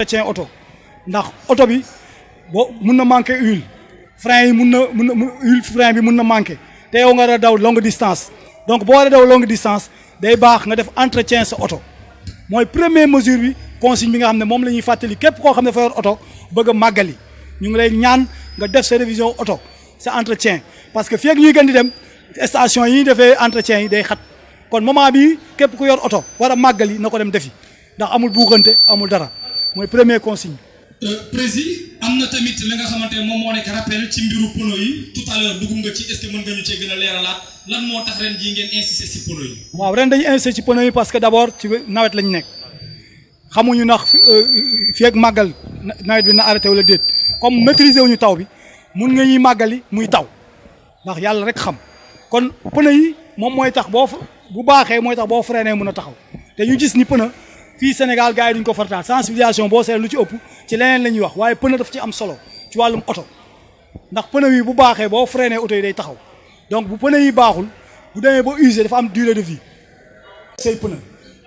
entretien oto ndax oto bi boo mun na manqué huile frein yi mun na mun na huile frein bi mun na manqué te yow nga war a daw longue distance donc boo war a daw longue distance day baax nga def entretien sa oto mooy première mesure bi consigne bi nga xam ne moom la ñuy fàttali képp koo xam ne dafa yor oto bëgg a màggali ñu ngi lay ñaan nga def sa révision oto sa entretien parce que fii ak ñuy gën di dem station yi ñuy defee entretien yi day xat kon moment bi képp ku yor oto war a màggali na ko dem defi ndax mooy premier consigne. Euh, prési am na tamit li nga xamante moom moo nekk rappel ci mbiru pono yi tout à l'heure nga ci est que mën nga ñu cee gën a leeralaat lan moo tax ren jii ngeen insister ci pono yi. waaw ren dañuy insister ci pono yi parce que d'abord ci nawet lañu nekk xamuñu ndax euh, euh, fii ak màggal nawet bi na arrêté la déet comme maîtriser wuñu taw bi mun nga ñuy màggali muy taw ndax yàlla rek xam kon pono yi moom mooy tax boo bu baaxee mooy tax boo freiné a taxaw fii Sénégal gars yi duñ ko farataal sensibilisation boo seet lu ci ëpp ci leneen la ñuy wax waaye pneu daf ci am solo ci wàllum oto ndax pneu yi bu baaxee boo freiné oto yi day taxaw donc bu pneu yi baaxul bu demee ba usé dafa am durée de vie say pneu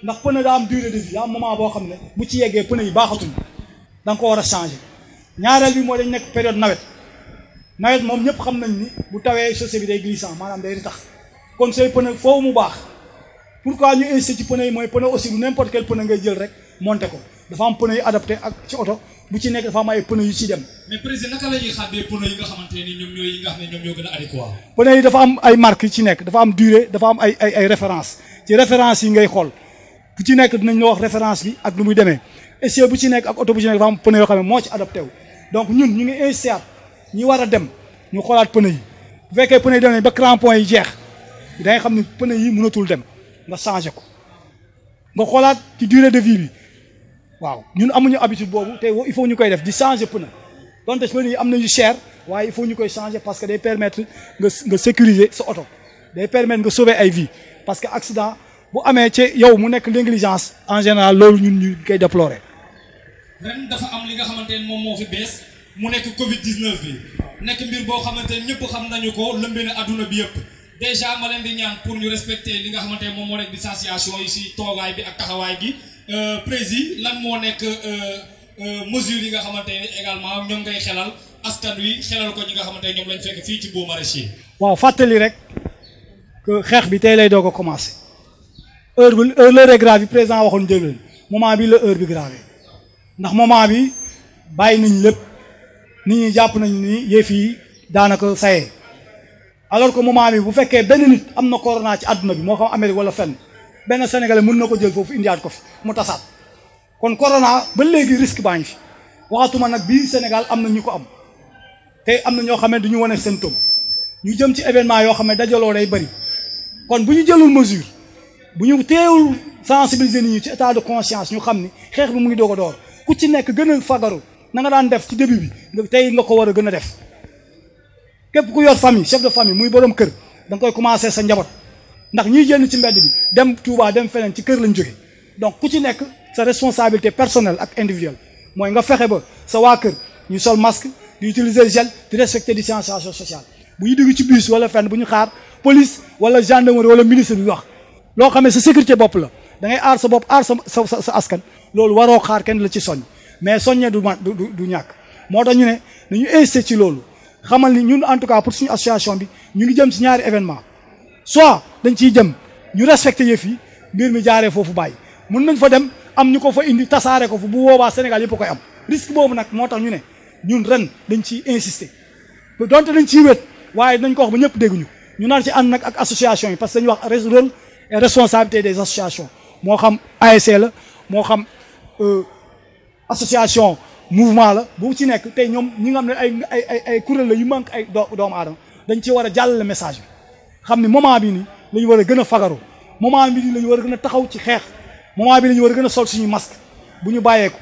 ndax pneu daa am durée de vie daa am moment boo xam ne bu ci yeggee pneu yi baaxatul da nga ko war a changé ñaareel bi moo dañ nekk période nawet nawet moom ñëpp xam nañ ni bu tawee chaussée bi day glissant maanaam day tax kon say pneu foofu mu baax pourquoi ñu insisté ci pneu yi mooy pneu aussi du n'importe quel pneu ngay jël rek monté ko dafa am pneu yu adapté ak ci oto bu ci nekk dafa am ay pneu yu ci dem. mais président naka la ñuy yi dafa am ay marques yu ci nekk dafa am dure dafa am ay ay ay références ci références yi ngay xool bu ci nekk dinañ la wax référence bi ak nu muy demee essieu bu ci nekk ak oto bu ci nekk dafa am pneu yoo xam ne moo ci adapté wu donc ñun ñu ngi insisté ñi war a dem ñu xoolaat pneu yi bu fekkee pneu yi dem nañ ba crampon yi jeex da xam ne pneu mënatul dem nga changé ko nga xoolaat ci durée de vie bi waaw ñun amuñu habitude boobu te il faut ñu koy def di changé pneu donte pneu yi am nañu cher waaye il faut ñu koy changé parce que day permettre nga nga sécuriser sa oto day permettre nga sauver ay vie parce que accident bu amee ci yow mu nekk négligence en général loolu ñun ñu koy déplorer. ren dafa am li nga xamante moom moo fi bees mu nekk Covid 19 bi nekk mbir boo xamante ne ñëpp xam nañu ko lëmbee na adduna bi yëpp. déjà ma leen di ñaan pour ñu respecter li nga xamante moom moo nekk distanciation yi si toogaay bi ak taxawaay gi euh, prési lan moo nekk euh, euh, mesures yi nga xamante ni également ñoom ngay xelal askan wi xelal ko ñi nga xamante ñoom lañ fekk fii ci Baux Maraîchers. waaw fàttali rek que xeex bi tey lay doog ko commencé heure bi heure l'heure grave bi président waxoon njëlbeen moment bi la heure bi grave ndax moment bi bàyyi nañ lépp nit ñi jàpp nañ ni yëf yi daanaka saye alors que moment bi bu fekkee benn nit am na corona ci àdduna bi moo xam Amérique wala fenn benn sénégalais mën na ko jël foofu indiwaat ko fi mu tasaat kon corona ba léegi risque baa ngi fi waxatuma nag bii Sénégal am na ñu ko am tey am na ñoo xam ne du ñu wane symptôme ñu jëm ci événement yoo xam ne dajaloo day bëri kon bu ñu jëlul mesure bu ñu teewul sensibiliser nit ñi ci état de conscience ñu xam ni xeex bi mu ngi doog door ku ci nekk gën a fagaru na nga daan def ci début bi tey nga ko war a gën a def. képp ku yor famille chef de famille muy borom kër da koy commencé sa njaboot ndax ñiy génn ci mbedd bi dem Touba dem feneen ci kër lañ jóge donc ku ci nekk sa responsabilité personnel ak individuelle mooy nga fexe ba sa waa kër ñu sol masque di utiliser gel di respecter distanciation sociale bu ñu dugg ci bus wala fenn bu ñu xaar police wala gendarmerie wala ministre bi wax loo xamee sa sécurité bopp la dangay aar sa bopp aar sa sa sa askan loolu waroo xaar la ci soññ mais soññee du ma du du ñàkk moo tax ñu ne nañu insisté ci loolu. xamal ni ñun en tout cas pour suñu association bi ñu ngi jëm si ñaari événement soit dañ ciy jëm ñu respecté yëf yi mbir mi jaaree foofu bàyyi mun nañ fa dem am ñu ko fa indi tasaare ko fu bu boobaa Sénégal yëpp koy am risque boobu nag moo tax ñu ne ñun ren dañ ciy insister donte dañ ci wet waaye dañ ko wax ba ñëpp dégguñu ñu naan ci ànd nag ak association yi parce que ñu wax rôle et responsabilité des associations moo xam ASC la moo xam euh, association mouvement la bu ci nekk tey ñoom ñi nga xam ne ay ay ay kuréel la yu manque ay doomu aadama dañ ci war a jàllale message bi xam ne moment bi nii la war a gën a fagaroo moment bi nii la ñu war a gën a taxaw ci xeex moment bi la ñu war a gën a sol suñu masque bu ñu bàyyeeku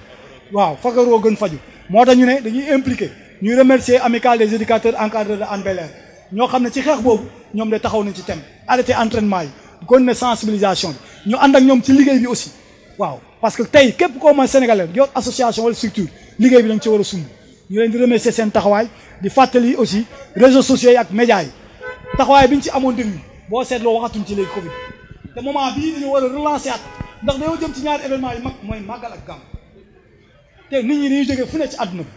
waaw fagaroo gën faju moo tax ñu ne dañuy impliqué ñuy remercier amicale des éducateurs encadrés de Hann Bel-Air ñoo xam ne ci xeex boobu ñoom de taxaw nañ ci thème arrêté entraînement yi kon ne sensibilisation bi ñu ànd ak ñoom ci liggéey bi aussi waaw parce que tey képp koo mën sénégalais yor association wala structure liggéey bi da nga ci war a sumb ñu leen di remercier seen taxawaay di fàttali aussi réseaux sociaux yi ak médias yi taxawaay bi ñu ci amoon déglu boo seetloo waxatuñ ci léegi Covid te moment bii dañu war a relancer at ndax dañoo jëm ci ñaari événement yi mag mooy màggal ak gàmm te nit ñi dañuy jógee fu ne ci àdduna bi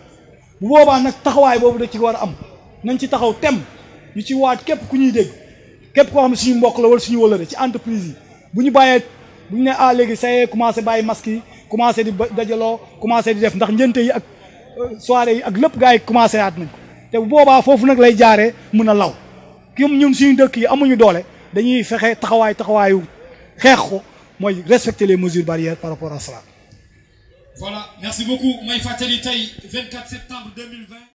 bu boobaa nag taxawaay boobu da ci war a am nañ ci taxaw tem ñu ci waat képp ku ñuy dégg képp koo xam ne suñu mbokk la wala suñu wëlëre ci entreprise yi bu ñu bàyyee bu ñu ah, commencé di dajaloo commencé di def ndax njënte yi ak euh, soirée yi ak lépp gars yi commencé aat nañ te bu boobaa foofu nag lay jaare mun a law kim ñun suñu dëkk yi amuñu doole dañuy fexe taxawaay taxawaayu xeex ko mooy respecter les mesures barrières par rapport à cela. voilà merci beaucoup may fàttali tey 24 septembre